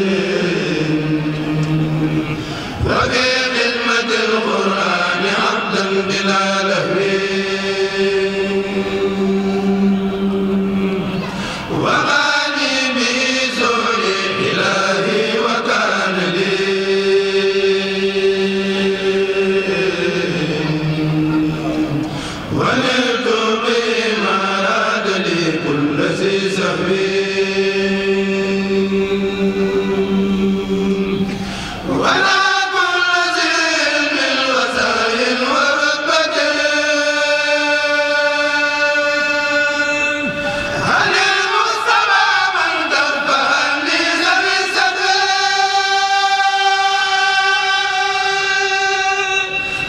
Amen.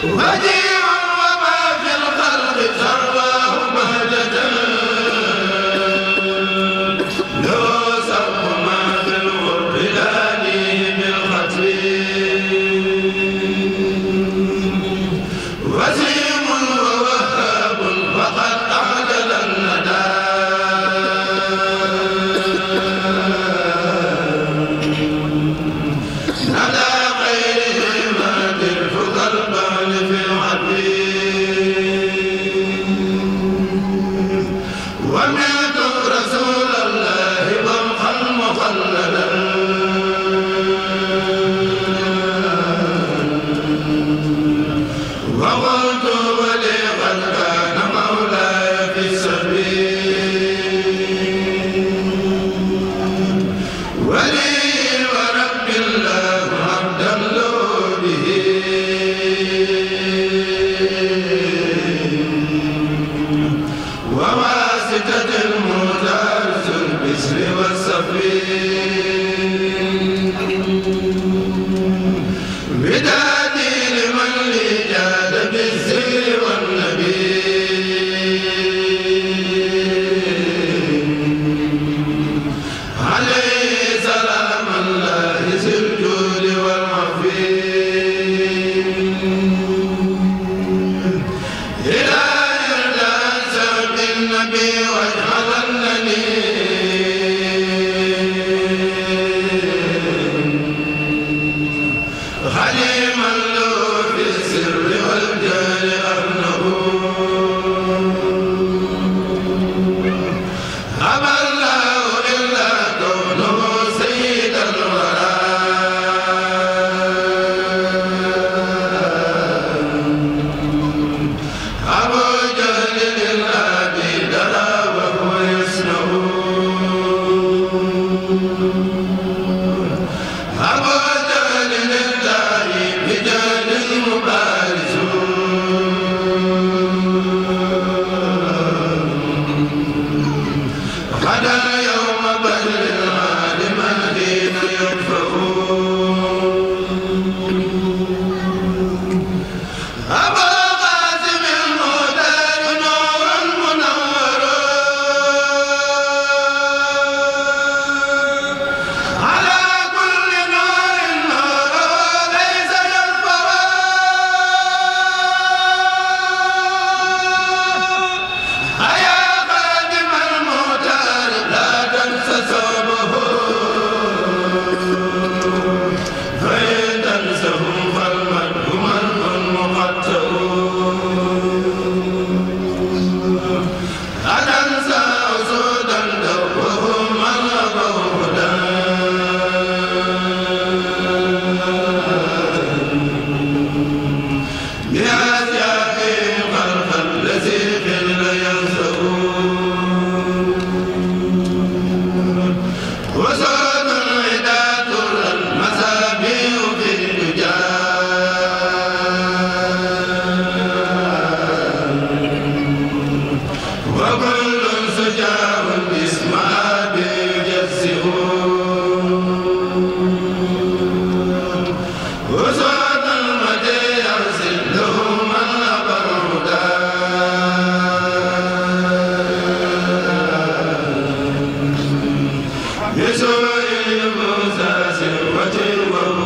wa waaw xadara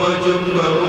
وجبه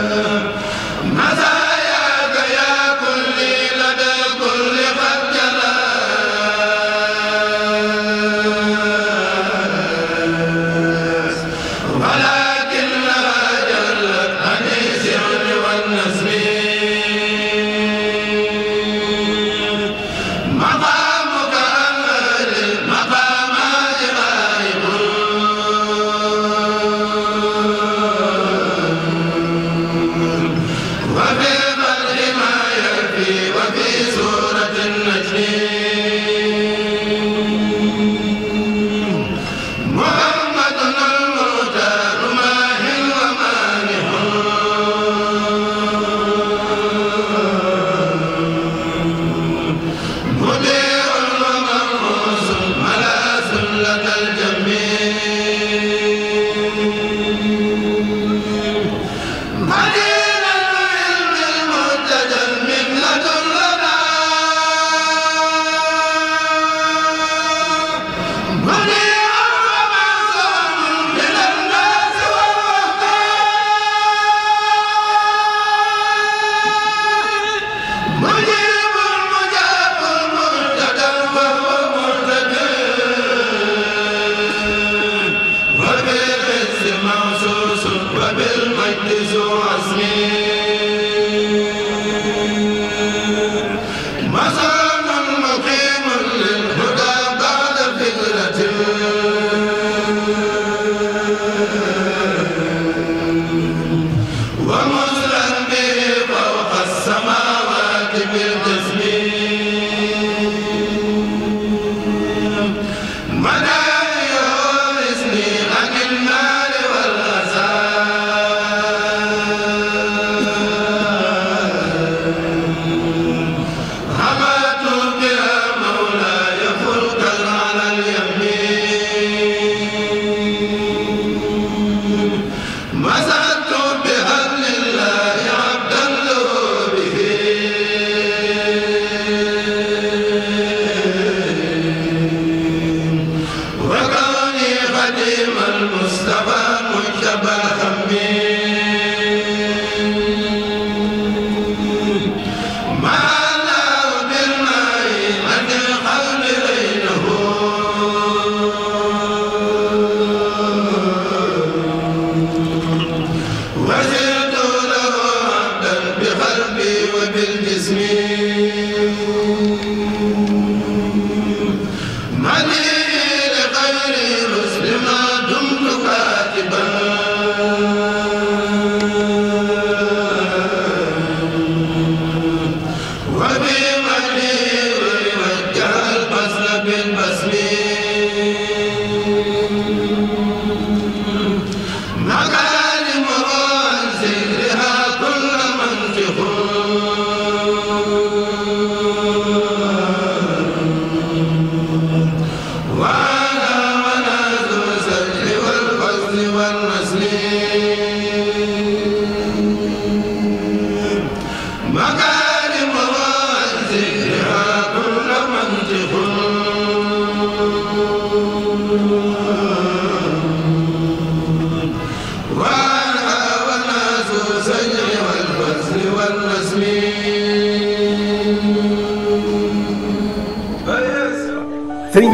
ma masa